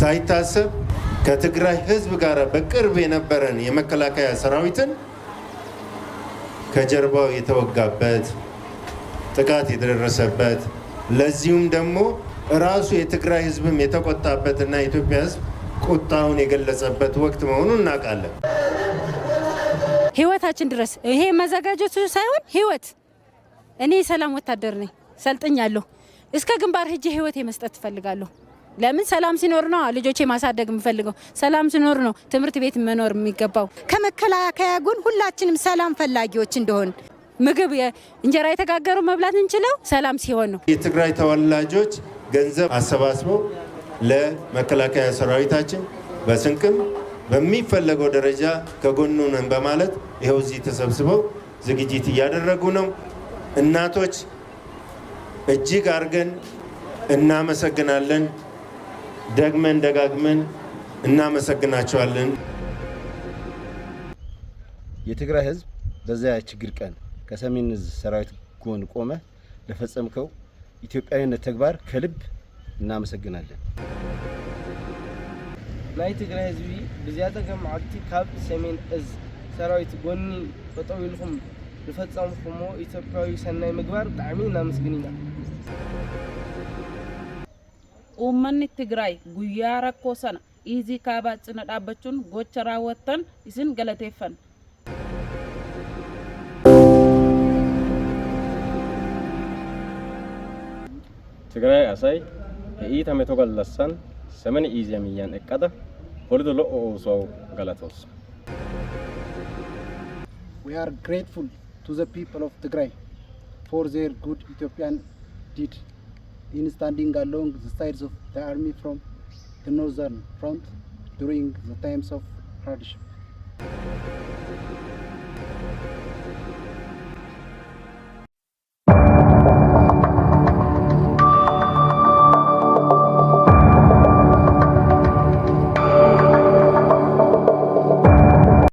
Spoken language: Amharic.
ሳይታሰብ ከትግራይ ህዝብ ጋር በቅርብ የነበረን የመከላከያ ሰራዊትን ከጀርባው የተወጋበት ጥቃት የተደረሰበት ለዚሁም ደግሞ ራሱ የትግራይ ህዝብም የተቆጣበት እና የኢትዮጵያ ህዝብ ቁጣውን የገለጸበት ወቅት መሆኑን እናውቃለን። ህይወታችን ድረስ ይሄ መዘጋጀቱ ሳይሆን ህይወት እኔ ሰላም ወታደር ነኝ፣ ሰልጥኛለሁ። እስከ ግንባር ሄጄ ህይወት መስጠት ትፈልጋለሁ። ለምን ሰላም ሲኖር ነው ልጆቼ ማሳደግ የምፈልገው። ሰላም ሲኖር ነው ትምህርት ቤት መኖር የሚገባው። ከመከላከያ ጎን ሁላችንም ሰላም ፈላጊዎች እንደሆን ምግብ እንጀራ የተጋገሩ መብላት እንችለው ሰላም ሲሆን ነው። የትግራይ ተወላጆች ገንዘብ አሰባስበው ለመከላከያ ሰራዊታችን በስንቅም በሚፈለገው ደረጃ ከጎኑ ነን በማለት ይኸው እዚህ ተሰብስበው ዝግጅት እያደረጉ ነው። እናቶች እጅግ አድርገን እናመሰግናለን። ደግመን ደጋግመን እናመሰግናቸዋለን። የትግራይ ህዝብ በዚያ ችግር ቀን ከሰሜን ዕዝ ሰራዊት ጎን ቆመ ለፈጸምከው ኢትዮጵያዊነት ተግባር ከልብ እናመሰግናለን። ናይ ትግራይ ህዝቢ ብዝያ ፀገም መዓልቲ ካብ ሰሜን እዝ ሰራዊት ጎኒ ፈጠው ኢልኩም ዝፈፀምኩሞ ኢትዮጵያዊ ሰናይ ምግባር ብጣዕሚ እናመስግን ኢና uummanni Tigraay guyyaa rakkoo sana iizii kaabaa cina dhaabbachuun gocha raawwattan isin galateeffanna. Tigraay asay he iitameto gallassan semeni iiziya miyyan eqqada polido lo"o oosuwawu galatoos. We are grateful to the people of Tigray for their good Ethiopian deed. in standing along the sides of the army from the northern front during the times of hardship.